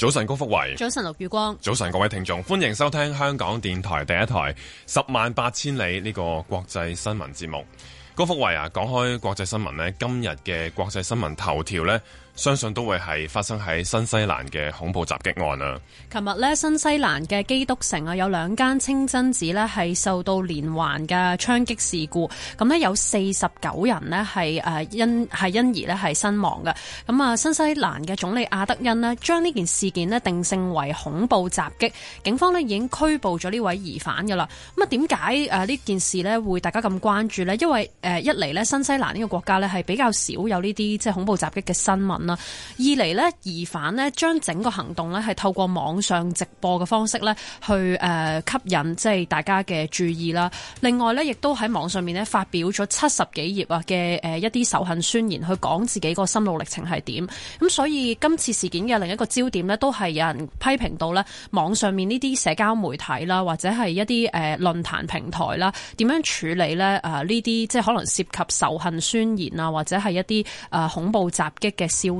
早晨，高福維。早晨，陸宇光。早晨，各位聽眾，歡迎收聽香港電台第一台《十萬八千里》呢個國際新聞節目。高福維啊，講開國際新聞呢，今日嘅國際新聞頭條呢。相信都會係發生喺新西蘭嘅恐怖襲擊案啊！琴日呢，新西蘭嘅基督城啊，有兩間清真寺呢係受到連環嘅槍擊事故，咁呢，有四十九人呢係誒因係因而呢係身亡嘅。咁啊，新西蘭嘅總理阿德恩呢將呢件事件呢定性為恐怖襲擊，警方呢已經拘捕咗呢位疑犯㗎喇。咁啊，點解誒呢件事呢會大家咁關注呢？因為誒一嚟呢，新西蘭呢個國家呢係比較少有呢啲即係恐怖襲擊嘅新聞。二嚟呢，疑犯呢將整個行動呢係透過網上直播嘅方式呢去誒吸引即係大家嘅注意啦。另外呢，亦都喺網上面呢發表咗七十幾頁啊嘅誒一啲仇恨宣言，去講自己個心路歷程係點。咁所以今次事件嘅另一個焦點呢，都係有人批評到呢網上面呢啲社交媒體啦，或者係一啲誒論壇平台啦，點樣處理呢？呢啲即係可能涉及仇恨宣言啊，或者係一啲誒恐怖襲擊嘅消。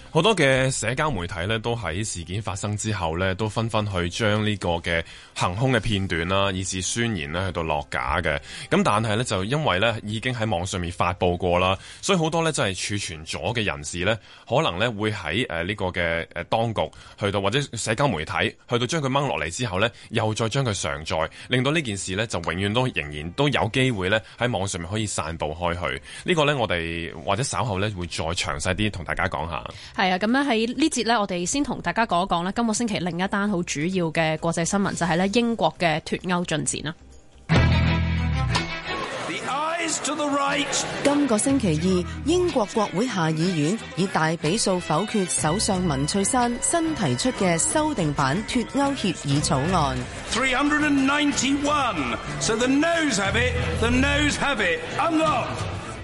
好多嘅社交媒體呢都喺事件發生之後呢都紛紛去將呢個嘅行兇嘅片段啦，以至宣言呢去到落架嘅。咁但係呢，就因為呢已經喺網上面發布過啦，所以好多呢，真係儲存咗嘅人士呢，可能呢會喺呢、呃呢個嘅呃當局去到，或者社交媒體去到將佢掹落嚟之後呢，又再將佢上載，令到呢件事呢，就永遠都仍然都有機會呢，喺網上面可以散佈開去。呢、呢個呢，我哋或者稍後呢，會再詳細啲同大家講下。係啊，咁咧喺呢節咧，我哋先同大家講一講咧，今個星期另一單好主要嘅國際新聞就係、是、咧英國嘅脫歐進展，right. 今個星期二，英國國會下議院以大比數否決首相文翠珊新提出嘅修訂版脫歐協議草案。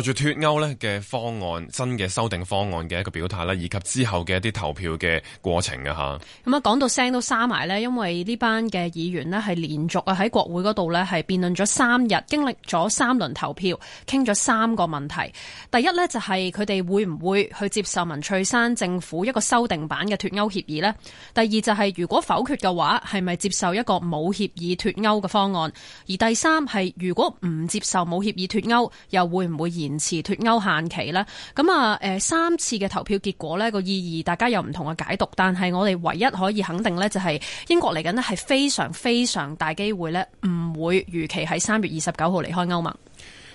就住脫歐呢嘅方案，新嘅修訂方案嘅一個表態啦，以及之後嘅一啲投票嘅過程啊，嚇。咁啊，講到聲都沙埋呢，因為呢班嘅議員呢係連續啊喺國會嗰度呢係辯論咗三日，經歷咗三輪投票，傾咗三個問題。第一呢，就係佢哋會唔會去接受文翠山政府一個修訂版嘅脫歐協議呢？第二就係如果否決嘅話，係咪接受一個冇協議脫歐嘅方案？而第三係如果唔接受冇協議脫歐，又會唔會移民延遲脱歐限期啦。咁啊，誒三次嘅投票結果呢個意義，大家有唔同嘅解讀，但係我哋唯一可以肯定呢，就係英國嚟緊咧係非常非常大機會呢，唔會如期喺三月二十九號離開歐盟。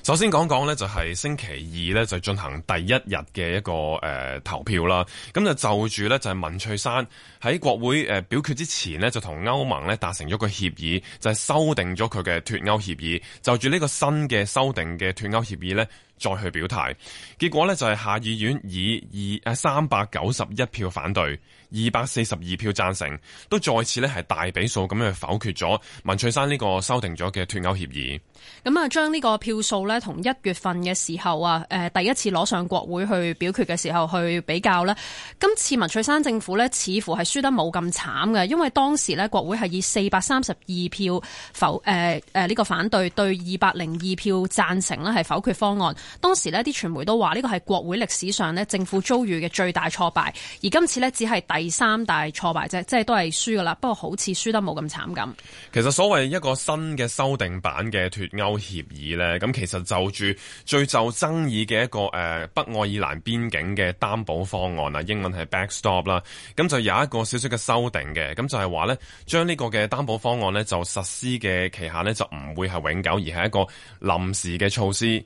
首先講講呢，就係星期二呢，就進行第一日嘅一個誒投票啦，咁就就住呢，就係文翠山喺國會誒表決之前呢，就同歐盟呢達成咗個協議，就係、是、修訂咗佢嘅脱歐協議，就住呢個新嘅修訂嘅脱歐協議呢。再去表態，結果呢，就係下議院以二啊三百九十一票反對，二百四十二票贊成，都再次呢係大比數咁樣否決咗文翠山呢個修訂咗嘅脱歐協議。咁啊，將呢個票數呢，同一月份嘅時候啊、呃，第一次攞上國會去表決嘅時候去比較呢。今次文翠山政府呢，似乎係輸得冇咁慘嘅，因為當時呢，國會係以四百三十二票否呢、呃呃呢個反對對二百零二票贊成啦，係否決方案。當時呢啲傳媒都話呢個係國會歷史上呢，政府遭遇嘅最大挫敗，而今次呢，只係第三大挫敗啫，即係都係輸噶啦。不過好似輸得冇咁慘咁。其實所謂一個新嘅修訂版嘅脱歐協議呢，咁其實就住最受爭議嘅一個誒、呃、北愛爾蘭邊境嘅擔保方案啊，英文係 backstop 啦。咁就有一個少少嘅修訂嘅，咁就係話呢，將呢個嘅擔保方案呢，就實施嘅期限呢，就唔會係永久，而係一個臨時嘅措施。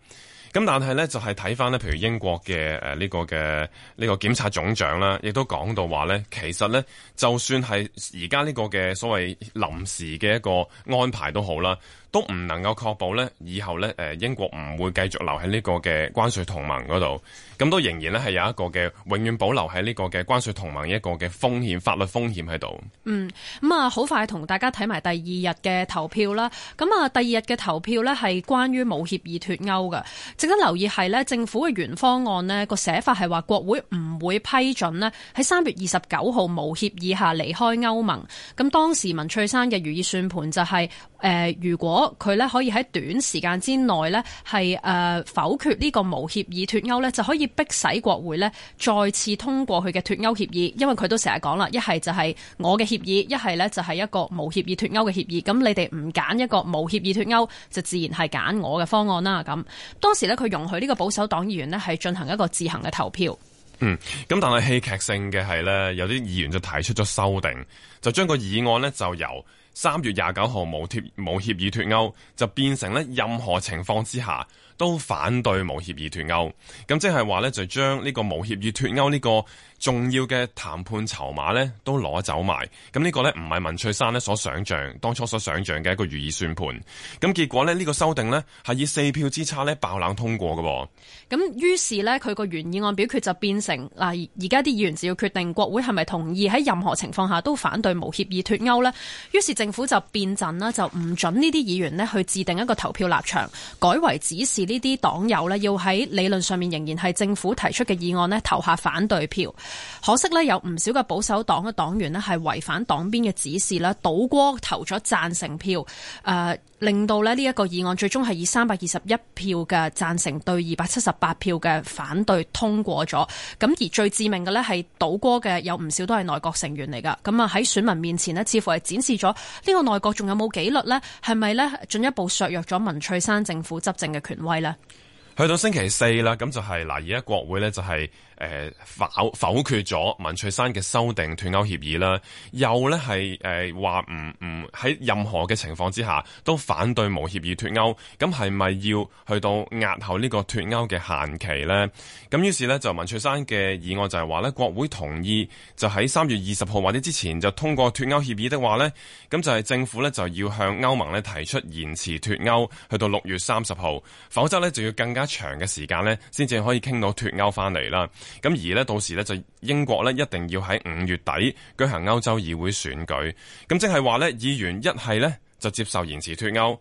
咁但係咧，就係睇翻咧，譬如英國嘅呃，呢個嘅呢個檢察總長啦，亦都講到話咧，其實咧，就算係而家呢個嘅所謂臨時嘅一個安排都好啦，都唔能夠確保呢。以後呢，誒英國唔會繼續留喺呢個嘅關稅同盟嗰度，咁都仍然咧係有一個嘅永遠保留喺呢個嘅關稅同盟一個嘅風險、法律風險喺度。嗯，咁、嗯、啊，好快同大家睇埋第二日嘅投票啦。咁、嗯、啊，第二日嘅投票呢，係關於冇協議脱歐嘅。值得留意係呢政府嘅原方案呢個寫法係話國會唔會批准呢喺三月二十九號冇協議下離開歐盟。咁、嗯、當時文翠珊嘅如意算盤就係、是、誒、呃，如果佢咧可以喺短時間之內咧係誒否決呢個無協議脱歐咧就可以迫使國會咧再次通過佢嘅脱歐協議。因為佢都成日講啦，一係就係我嘅協議，一係呢就係一個無協議脱歐嘅協議。咁你哋唔揀一個無協議脱歐，就自然係揀我嘅方案啦。咁當時呢，佢容許呢個保守黨議員咧係進行一個自行嘅投票。嗯，咁但係戲劇性嘅係呢，有啲議員就提出咗修訂，就將個議案呢就由。三月廿九號無協無協議脱歐，就變成任何情況之下都反對無協議脱歐。咁即係話咧，就將呢個無協議脱歐呢個，重要嘅談判籌碼呢都攞走埋。咁呢個呢，唔係文翠珊呢所想象當初所想象嘅一個如意算盤。咁結果呢，呢個修訂呢，係以四票之差呢爆冷通過嘅。咁於是呢，佢個原議案表決就變成嗱，而家啲議員就要決定國會係咪同意喺任何情況下都反對無協議脱歐呢，於是政府就變陣啦，就唔准呢啲議員呢去制定一個投票立場，改為指示呢啲黨友呢，要喺理論上面仍然係政府提出嘅議案呢投下反對票。可惜呢，有唔少嘅保守黨嘅黨員呢係違反黨鞭嘅指示啦，倒戈投咗贊成票，誒、呃，令到呢一個議案最終係以三百二十一票嘅贊成對二百七十八票嘅反對通過咗。咁而最致命嘅呢係倒戈嘅有唔少都係內閣成員嚟噶，咁啊喺選民面前呢，似乎係展示咗呢個內閣仲有冇紀律呢？係咪呢進一步削弱咗文翠珊政府執政嘅權威呢？去到星期四啦，咁就係、是、嗱，而家國會咧就係、是、誒、呃、否否決咗文翠山嘅修訂脫歐協議啦，又咧係誒話唔唔喺任何嘅情況之下都反對無協議脫歐，咁係咪要去到押後呢個脫歐嘅限期咧？咁於是咧就文翠山嘅議案就係話咧，國會同意就喺三月二十號或者之前就通過脫歐協議的話咧，咁就係政府咧就要向歐盟咧提出延遲脫歐去到六月三十號，否則咧就要更加，一長嘅時間先至可以傾到脫歐翻嚟啦。咁而到時呢，就英國一定要喺五月底舉行歐洲議會選舉。咁即係話呢，議員一係呢就接受延遲脫歐。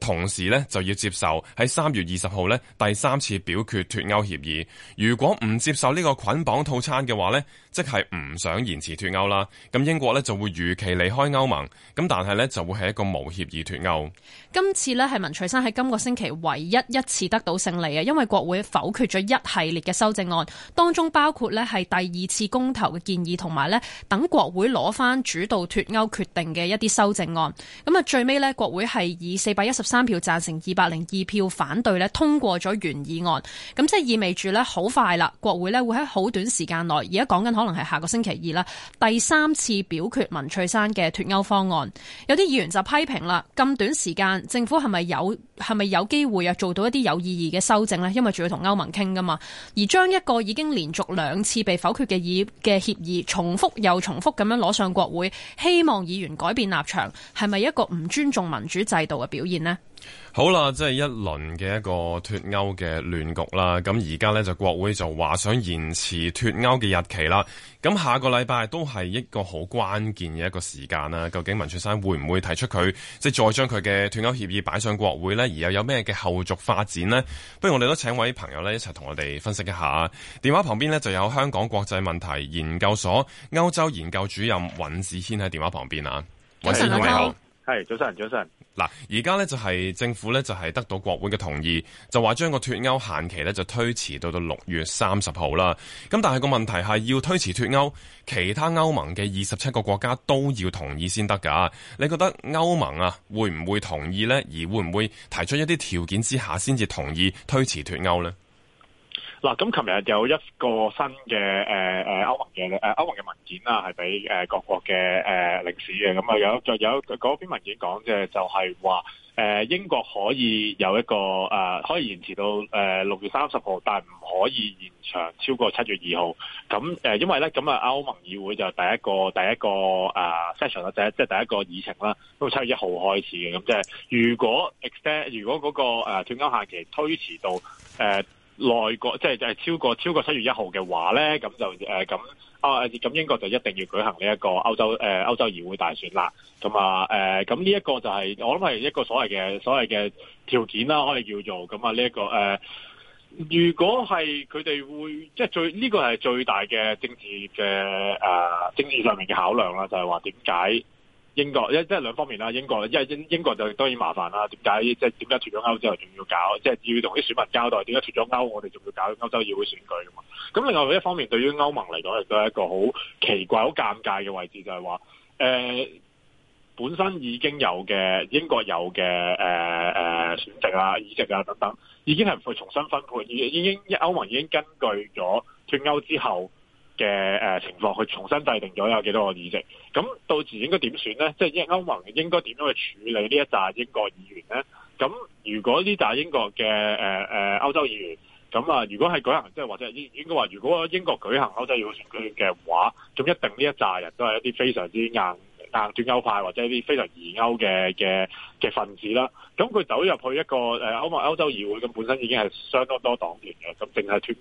同時呢，就要接受喺三月二十號呢第三次表決脫歐協議。如果唔接受呢個捆綁套餐嘅話呢，即係唔想延遲脫歐啦。咁英國呢就會如期離開歐盟。咁但係呢就會係一個無協議脫歐。今次呢，係文翠珊喺今個星期唯一一次得到勝利啊！因為國會否決咗一系列嘅修正案，當中包括呢係第二次公投嘅建議，同埋呢等國會攞翻主導脫歐決定嘅一啲修正案。咁啊最尾呢，國會係以四百一十三票贊成，二百零二票反對呢，通過咗原議案。咁即係意味住呢，好快啦，國會呢會喺好短時間內，而家講緊可能係下個星期二啦，第三次表決文翠珊嘅脱歐方案。有啲議員就批評啦，咁短時間，政府係咪有係咪有機會啊做到一啲有意義嘅修正呢？因為仲要同歐盟傾噶嘛，而將一個已經連續兩次被否決嘅議嘅協議，重複又重複咁樣攞上國會，希望議員改變立場，係咪一個唔尊重民主制度嘅表現呢？好啦，即係一輪嘅一個脫歐嘅亂局啦。咁而家呢，就國會就話想延遲脫歐嘅日期啦。咁下個禮拜都係一個好關鍵嘅一個時間啦。究竟文翠珊會唔會提出佢即係再將佢嘅脫歐協議擺上國會呢？而又有咩嘅後續發展呢？不如我哋都請位朋友呢，一齊同我哋分析一下。電話旁邊呢，就有香港國際問題研究所歐洲研究主任尹子軒喺電話旁邊啊。尹先生你好。係早晨，早晨。嗱，而家咧就係政府咧就係得到國會嘅同意，就話將個脫歐限期咧就推遲到到六月三十號啦。咁但係個問題係要推遲脫歐，其他歐盟嘅二十七個國家都要同意先得噶。你覺得歐盟啊會唔會同意呢？而會唔會提出一啲條件之下先至同意推遲脫歐呢？嗱，咁琴日有一個新嘅誒歐盟嘅誒歐盟嘅文件啦，係俾各國嘅誒領事嘅，咁啊有再有嗰篇文件講嘅就係話，誒英國可以有一個誒可以延遲到誒六月三十號，但係唔可以延長超過七月二號。咁誒因為咧咁啊歐盟議會就第一個第一個誒 session 啦，即係即係第一個議程啦，都七月一號開始嘅。咁即係如果 extend，如果嗰個斷交限期推遲到內國即係超過超過七月一號嘅話咧，咁就誒咁啊，咁、呃、英國就一定要舉行呢一個歐洲誒、呃、歐洲議會大選啦。咁啊誒，咁呢一個就係、是、我諗係一個所謂嘅所謂嘅條件啦，可以叫做咁啊呢一個、呃、如果係佢哋會即係最呢、呢個係最大嘅政治嘅誒、呃、政治上面嘅考量啦，就係話點解？英國一即係兩方面啦，英國因為英英國就當然麻煩啦。點解即係點解脫咗歐之後仲要搞？即係要同啲選民交代點解脫咗歐，我哋仲要搞歐洲議會選舉噶嘛？咁另外一方面，對於歐盟嚟講，亦都係一個好奇怪、好尷尬嘅位置就係，就係話誒本身已經有嘅英國有嘅誒誒選席啊、議席啊等等，已經係唔會重新分配。已已經歐盟已經根據咗脫歐之後。嘅情況去重新制定咗有幾多個議席，咁到時應該點算呢？即係歐盟應該點樣去處理呢一紮英國議員呢？咁如果呢一紮英國嘅誒歐洲議員，咁啊，如果係舉行即係或者應該話，如果英國舉行歐洲議會選舉嘅話，咁一定呢一紮人都係一啲非常之硬硬脫歐派或者一啲非常疑歐嘅嘅嘅分子啦。咁佢走入去一個誒歐盟歐洲議會，咁本身已經係相當多黨員嘅，咁淨係脫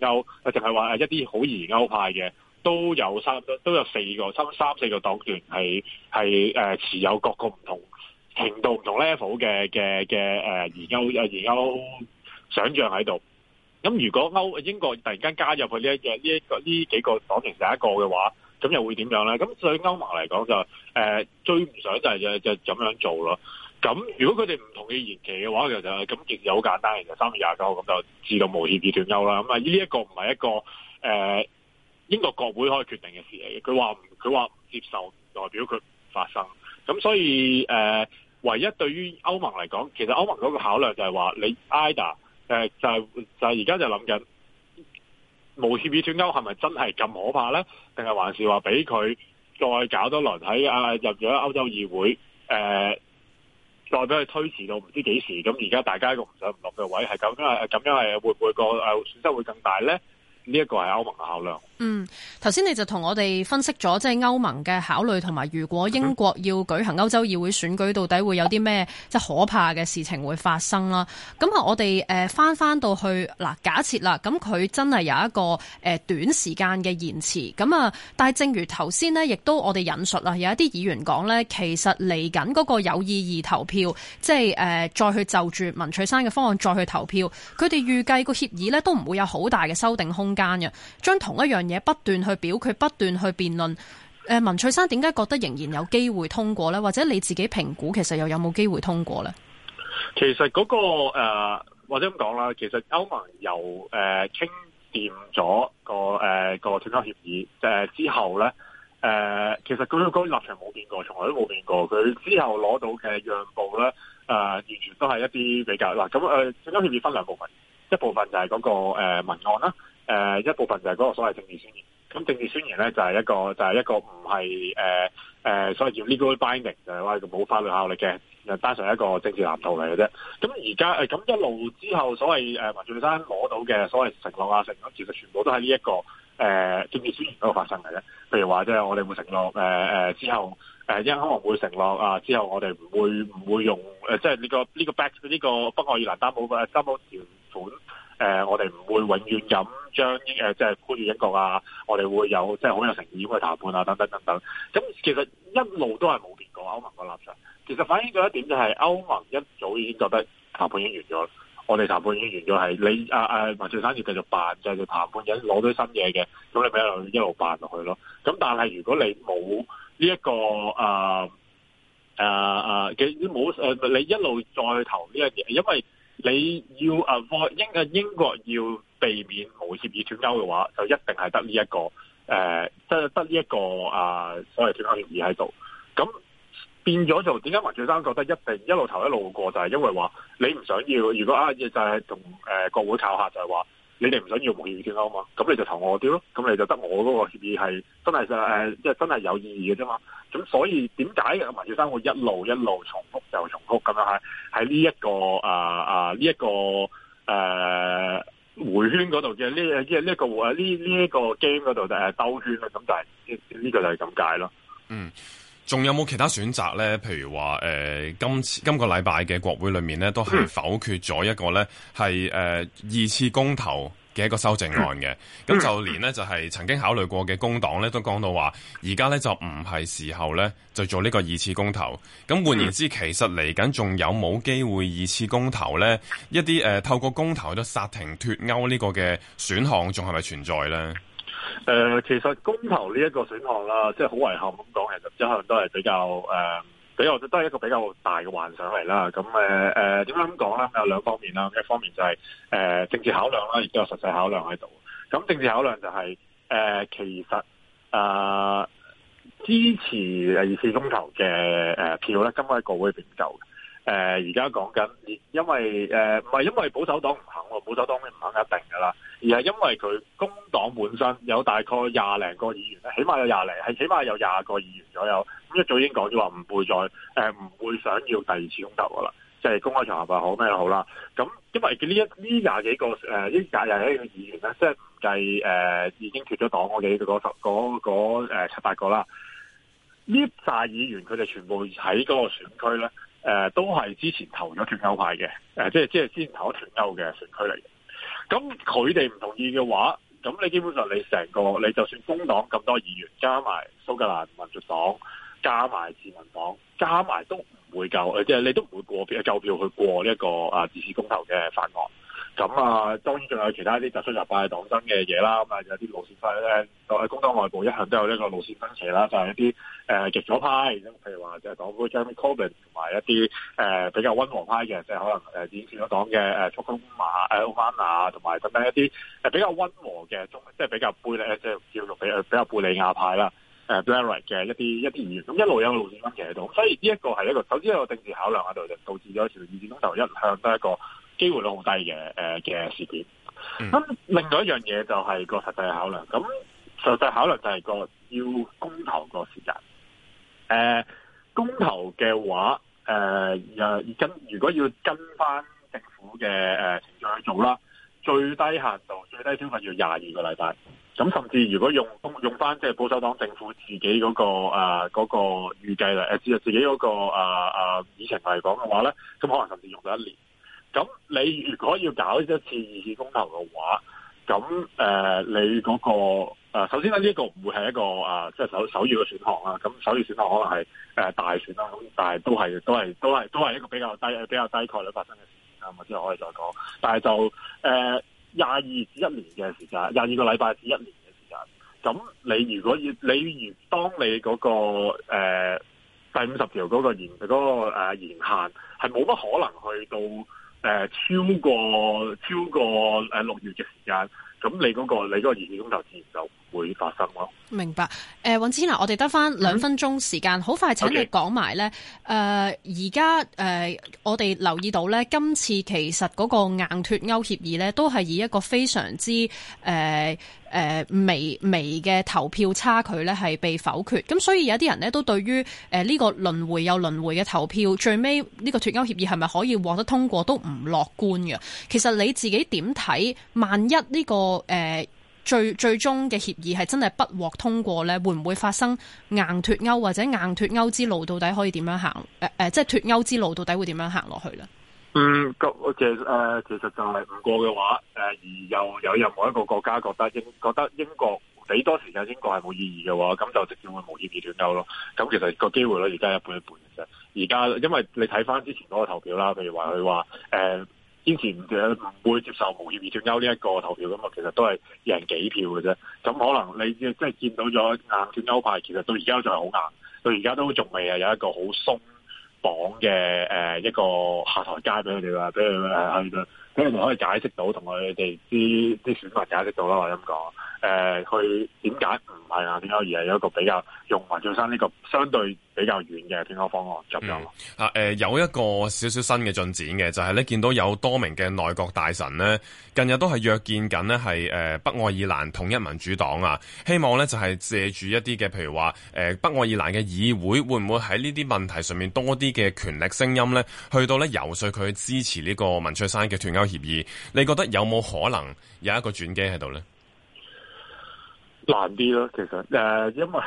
歐淨係話一啲好疑歐派嘅。都有三都有四個，三三四個黨團係係誒持有各個唔同程度唔同 level 嘅嘅嘅誒研究有研究想象喺度。咁如果歐英國突然間加入去呢一嘅呢一個呢幾個黨團第一個嘅話，咁又會點樣咧？咁對歐盟嚟講就誒、呃、追唔上就係、係、就就係、咁樣做咯。咁如果佢哋唔同意延期嘅話就，其實咁亦有好簡單，其實三月廿九號咁就自動無協議斷歐啦。咁啊呢一個唔係一個誒。呃英國國會可以決定嘅事嚟嘅，佢話佢話唔接受，唔代表佢發生。咁所以誒、呃，唯一對於歐盟嚟講，其實歐盟嗰個考量就係話，你 either 誒、呃、就係、是、就係而家就諗緊無協議脫歐係咪真係咁可怕咧？定係還是話俾佢再搞多輪喺啊入咗歐洲議會誒，再俾佢推遲到唔知幾時？咁而家大家個唔上唔落嘅位係咁樣，咁、啊、樣係會唔會個誒、啊、損失會更大咧？呢、這、一個係歐盟嘅考量。嗯，頭先你就同我哋分析咗，即係歐盟嘅考慮同埋，如果英國要舉行歐洲議會選舉，到底會有啲咩即係可怕嘅事情會發生啦？咁啊，我哋誒翻翻到去嗱，假設啦，咁佢真係有一個誒短時間嘅延遲，咁啊，但係正如頭先呢，亦都我哋引述啦，有一啲議員講呢，其實嚟緊嗰個有意義投票，即係誒再去就住文翠珊嘅方案再去投票，佢哋預計個協議呢，都唔會有好大嘅修訂空間嘅，將同一樣。嘢不斷去表決，佢不斷去辯論。誒、呃，文翠珊點解覺得仍然有機會通過咧？或者你自己評估，其實又有冇機會通過咧？其實嗰、那個、呃、或者咁講啦。其實歐盟由誒傾掂咗個誒個脫歐協議誒之後咧，誒、呃、其實佢嗰個立場冇變過，從來都冇變過。佢之後攞到嘅讓步咧，誒、呃、完全都係一啲比較嗱。咁誒脫歐協議分兩部分，一部分就係嗰、那個文案啦。呃誒、啊、一部分就係嗰個所謂政治宣言，咁政治宣言咧就係、是、一個就係、是、一個唔係誒誒所謂叫 legal binding 就係話冇法律效力嘅，就單純一個政治藍圖嚟嘅啫。咁而家誒咁一路之後所謂誒文翠珊攞到嘅所謂承諾啊承諾，其實全部都喺呢一個誒、啊、政治宣言度發生嘅啫。譬如話即係我哋會承諾誒誒、啊、之後誒、啊、可能會承諾啊之後我哋唔會唔會用誒、啊、即係、這、呢個呢、這個這個北呢個北愛爾蘭擔保嘅擔保條款。啊誒、呃，我哋唔會永遠咁將誒、呃，即係關住英國啊！我哋會有即係好有誠意咁去談判啊，等等等等。咁其實一路都係冇變過歐盟個立場。其實反映咗一點就係、是、歐盟一早已經覺得談判已經完咗，我哋談判已經完咗係你啊文翠、啊啊、珊要繼續辦，繼續談判緊攞啲新嘢嘅，咁你咪一路一路辦落去咯。咁但係如果你冇呢一個啊啊冇、啊啊、你一路再投呢樣嘢，因為。你要啊英啊英國要避免無協議脫歐嘅話，就一定係得呢一個誒即係得呢一、這個啊、呃、所謂脫歐協議喺度。咁變咗就點解文翠珊覺得一定一路投一路過就係、是、因為話你唔想要，如果啊亦就係同誒國會炒下，就係、是、話你哋唔想要無協議脫歐嘛，咁你就投我啲咯，咁你就得我嗰個協議係真係就誒即係真係有意義嘅啫嘛。咁所以點解嘅文翠珊會一路一路重複？就重複咁樣吓，喺呢一個啊啊呢一、這個誒迴、啊、圈嗰度嘅呢即係呢個、這個、啊呢呢一個 game 嗰度誒兜圈啦，咁就呢個就係咁解咯。嗯，仲有冇其他選擇咧？譬如話誒、呃、今次今個禮拜嘅國會裏面咧，都係否決咗一個咧係誒二次公投。嘅一個修正案嘅，咁、嗯、就連呢，就係曾經考慮過嘅工黨呢，都講到話，而家呢，就唔係時候呢，就做呢個二次公投。咁換言之，嗯、其實嚟緊仲有冇機會二次公投呢？一啲誒、呃、透過公投都到殺停脱歐呢個嘅選項，仲係咪存在呢？誒、呃，其實公投呢一個選項啦，即係好遺憾咁講，其實一向都係比較誒。呃俾我覺得都係一個比較大嘅幻想嚟啦，咁誒誒點樣講咧？有、呃、兩方面啦，一方面就係、是、誒、呃、政治考量啦，亦都有實際考量喺度。咁政治考量就係、是、誒、呃、其實誒、呃、支持二次公投嘅誒、呃、票咧，今屆國會並唔夠嘅。誒，而家講緊，因為誒唔係因為保守黨唔肯，保守黨咧唔肯一定噶啦，而係因為佢工黨本身有大概廿零個議員，起碼有廿零，係起碼有廿個議員左右。咁一早已經講咗話唔會再誒，唔會想要第二次公投噶啦，即係公開場合又好咩又好啦。咁因為呢一呢廿幾個誒，一廿廿幾個議員咧，即係唔計誒已經脫咗黨嗰幾嗰十誒七八個啦，呢啲議員佢哋全部喺嗰個選區咧，誒都係之前投咗脫歐派嘅，誒即係即係之前投咗脫歐嘅選區嚟嘅。咁佢哋唔同意嘅話，咁你基本上你成個你就算工黨咁多議員，加埋蘇格蘭民族黨，加埋自民黨，加埋都唔會夠，即係你都唔會過票夠票去過呢一個啊自治公投嘅法案。咁啊，當然仲有其他啲特殊入派嘅黨爭嘅嘢啦，咁啊有啲路線派就喺工黨內部一向都有呢個路線分歧啦，就係、是、一啲誒、呃、極左派，譬如話就係黨魁 Jeremy Corbyn 同埋一啲誒、呃、比較温和派嘅，即係可能誒已經變咗黨嘅誒速通馬誒 o m a 啊，同埋等等一啲誒比較温和嘅中，即係比較貝咧，即係叫比比較貝理雅派啦，誒 Blairite 嘅一啲一啲議員，咁一路有一個路線分歧喺度，所以呢一個係一個，首先一個政治考量喺度，就導致咗條意事通就一向都係一個。機會率好低嘅，嘅、呃、事件。咁、嗯、另外一樣嘢就係個實際考量。咁實際考量就係個要公投個時間。誒、呃、公投嘅話，誒、呃、跟如果要跟翻政府嘅誒程序去做啦，最低限度最低消費要廿二個禮拜。咁甚至如果用公用翻即係保守黨政府自己嗰、那個啊嗰、呃那個預計咧、呃，自自己嗰、那個啊啊議程嚟講嘅話咧，咁可能甚至用咗一年。咁你如果要搞一次二次公投嘅話，咁誒、呃，你嗰、那個誒、呃，首先咧呢個唔會係一個誒，即、呃、係、就是、首首要嘅選項啦。咁首要選項可能係誒、呃、大選啦。咁但係都係都係都係都係一個比較低比較低概率發生嘅事件啦。我之後可以再講。但係就誒廿二至一年嘅時間，廿二個禮拜至一年嘅時間。咁你如果要你如當你嗰、那個誒、呃、第五十條嗰個延嗰、那個誒延限係冇乜可能去到，誒超過超過誒六月嘅時間，咁你、嗰個你嗰個二年工就自然就。會發生咯。明白。誒、呃，尹子軒，我哋得翻兩分鐘時間，好、嗯、快請你講埋咧。誒、okay. 呃，而家誒，我哋留意到咧，今次其實嗰個硬脫歐協議咧，都係以一個非常之誒誒、呃呃、微微嘅投票差距咧，係被否決。咁所以有啲人咧都對於呢個輪迴又輪迴嘅投票，最尾呢個脫歐協議係咪可以獲得通過，都唔樂觀嘅。其實你自己點睇？萬一呢、這個誒？呃最最終嘅協議係真係不獲通過咧，會唔會發生硬脱歐或者硬脱歐之路到底可以點樣行？誒、呃、誒，即係脱歐之路到底會點樣行落去咧？嗯，咁我即其實就係唔過嘅話，誒、呃、而又有，有任何一個國家覺得英覺得英國俾多時間英國係冇意義嘅話，咁就直接會冇意義脱歐咯。咁其實個機會咧，而家係一半一半嘅啫。而家因為你睇翻之前嗰個投票啦，譬如話佢話誒。呃堅持唔會接受無協議脫歐呢一個投票咁啊，其實都係贏幾票嘅啫。咁可能你即係見到咗硬脫歐派，其實到而家仲係好硬，到而家都仲未啊有一個好鬆綁嘅誒、呃、一個下台階俾佢哋話，俾佢誒去，俾佢哋可以解釋到，同佢哋啲啲選民解釋到啦。我咁講誒，佢點解唔係硬脫歐而係有一個比較用埋俊生呢個相對？比較遠嘅脱歐方案左右啊，誒、呃，有一個少少新嘅進展嘅，就係、是、咧見到有多名嘅內閣大臣咧，近日都係約見緊咧，係誒、呃、北愛爾蘭統一民主黨啊，希望咧就係借住一啲嘅，譬如話誒、呃、北愛爾蘭嘅議會會唔會喺呢啲問題上面多啲嘅權力聲音咧，去到咧遊說佢支持呢個文翠山嘅脱歐協議，你覺得有冇可能有一個轉機喺度咧？難啲咯，其實誒、呃，因為。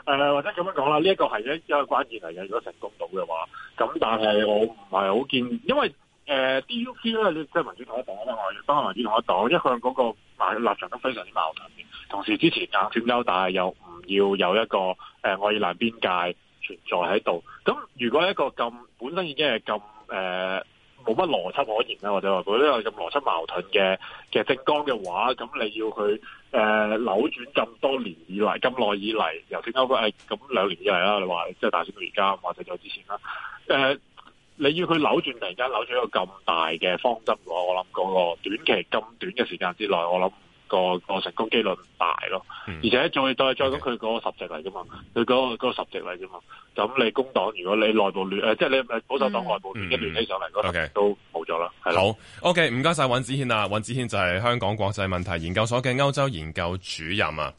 誒、呃、或者咁樣講啦，呢一個係一一個關鍵嚟嘅。如果成功到嘅話，咁但係我唔係好建議，因為誒 DUP 咧即係民主統一黨啊嘛，我方係民主統一黨，一向嗰個立立場都非常之矛盾。同時之前硬脫歐，但係又唔要有一個誒愛爾蘭邊界存在喺度。咁如果一個咁本身已經係咁誒。呃冇乜邏輯可言啦，或者話，如果都有咁邏輯矛盾嘅，其實政綱嘅話，咁你要佢誒、呃、扭轉咁多年以來、咁耐以嚟，由選歐區，咁、啊、兩年以嚟啦，你話即係大選到而家，或者再之前啦，誒、呃、你要佢扭轉，突然間扭轉一個咁大嘅方針嘅話，我諗嗰個短期咁短嘅時間之內，我諗。個個成功機率唔大咯，嗯，而且再再再講佢嗰個十席嚟㗎嘛，佢、okay. 嗰，那個嗰，那個十席嚟啫嘛，咁你工黨如果你內部亂，誒即係你保守黨內部一亂起上嚟嗰度都冇咗啦，係、okay. 咯。好，OK，唔該晒尹子軒啊，尹子軒就係香港國際問題研究所嘅歐洲研究主任啊。